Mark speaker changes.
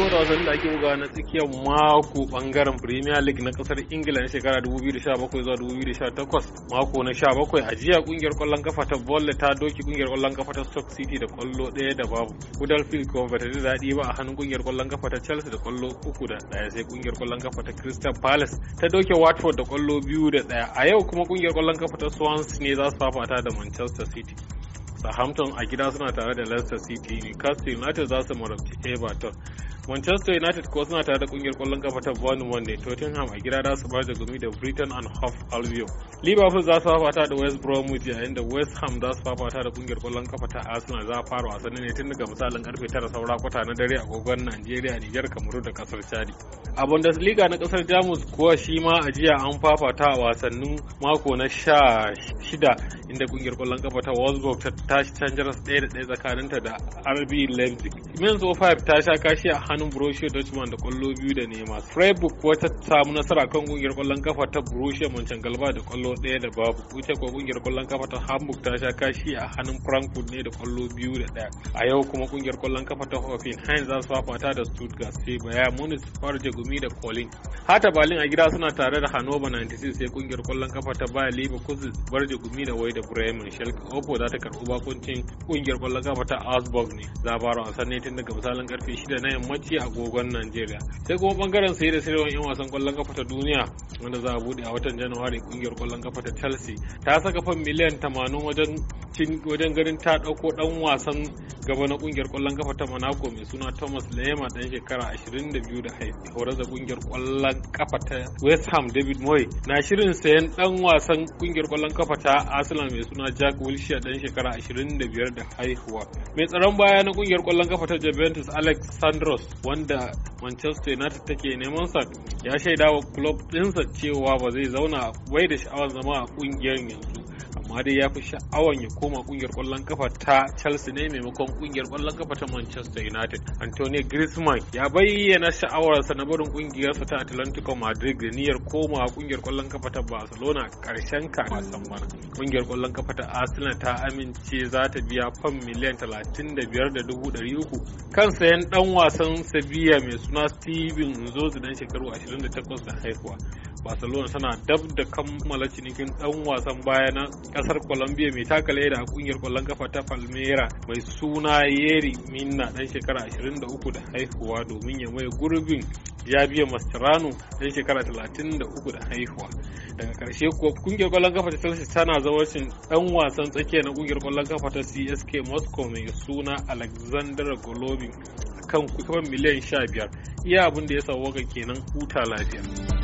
Speaker 1: fito da da ake buga na tsakiyar mako bangaren Premier League na kasar Ingila na shekara 2017 zuwa 2018 mako na 17 a jiya kungiyar kwallon kafa ta Bolle ta doki kungiyar kwallon kafa ta stock City da kwallo daya da babu. Huddersfield kuma bata ji daɗi ba a hannun kungiyar kwallon kafa ta Chelsea da kwallo uku da daya sai kungiyar kwallon kafa ta Crystal Palace ta doke Watford da kwallo biyu da daya A yau kuma kungiyar kwallon kafa ta Swans ne za su fafata da Manchester City. Southampton a gida suna tare da Leicester City, Newcastle United za su marabci Everton. Manchester United kuwa suna tare da kungiyar kwallon kafa ta Bournemouth ne Tottenham a gida za su bar da gumi da Brighton and Hove Albion. Liverpool za su fafata da West Bromwich yayin da West Ham za su fafata da kungiyar kwallon kafa ta Arsenal za a fara wasanni ne tun daga misalin karfe 9 saura kwata na dare a agogon Najeriya, niger Kamaru da kasar Chadi. A Bundesliga na kasar Jamus kuwa shi ma a jiya an fafata a wasannin mako na 16 inda kungiyar kwallon kafa ta Wolfsburg ta tashi canjar 1 da 1 tsakaninta da RB Leipzig. Mainz 05 ta sha kashi a tsakanin Borussia Dortmund da kwallo biyu da nema. Freiburg kuwa ta samu nasara kan kungiyar kwallon kafa ta Borussia Mönchengladbach da kwallo ɗaya da babu. Ita kuwa kungiyar kwallon kafa ta Hamburg ta sha kashi a hannun Frankfurt ne da kwallo biyu da ɗaya. A yau kuma kungiyar kwallon kafa ta Hoffenheim za su fafata da Stuttgart sai Bayern Munich Farje Gumi da Kolin. Hata Berlin a gida suna tare da Hannover 96 sai kungiyar kwallon kafa ta Bayer Leverkusen bar Gumi da Wai da Bremen. Schalke 0 za ta karɓi bakuncin kungiyar kwallon kafa ta Augsburg ne. Labarin wasan ne tun daga misalin karfe 6 na yamma yammaci a agogon Najeriya. Sai kuma bangaren sai da sayarwar 'yan wasan kwallon kafa ta duniya wanda za a bude a watan Januwari kungiyar kwallon kafa ta Chelsea ta saka fan miliyan 80 wajen wajen ganin ta ɗauko ɗan wasan gaba na ƙungiyar ƙwallon kafa ta Monaco mai suna Thomas Lema ɗan shekara 22 da haifi horar da ƙungiyar ƙwallon kafa ta West Ham David Moy na shirin sayan ɗan wasan ƙungiyar ƙwallon kafa ta Arsenal mai suna Jack Wilshere ɗan shekara 25 da haihuwa. Mai tsaron baya na ƙungiyar ƙwallon kafa ta Juventus Alex Sandros wanda Manchester United take neman sa ya shaida wa club ɗinsa cewa ba zai zauna bai da sha'awar zama a ƙungiyar yanzu. amma dai ya fi sha'awan ya koma kungiyar kwallon kafa ta Chelsea ne maimakon kungiyar kwallon kafa ta Manchester United. Antonio Griezmann ya bayyana sha'awarsa na barin kungiyarsa ta Atlantico Madrid da niyyar koma kungiyar kwallon kafa ta Barcelona karshen wasan bana. Kungiyar kwallon kafa ta Arsenal ta amince za ta biya fam miliyan 35,300 kan sayan dan wasan Sevilla mai suna Steven Nzozi dan shekaru 28 da haihuwa. barcelona tana dab da kammala cinikin dan wasan baya na kasar colombia mai leda a kungiyar kwallon kafa ta palmera mai suna yeri minna dan shekara 23 da haihuwa domin ya mai gurbin ya biya mastrano dan shekara 33 da haihuwa daga karshe kuwa kungiyar kwallon kafa ta chelsea tana zawacin dan wasan tsakiya na kungiyar kwallon kafa ta csk moscow mai suna alexander golovin kan kusan miliyan 15 iya abin da ya sauwaka kenan huta lafiya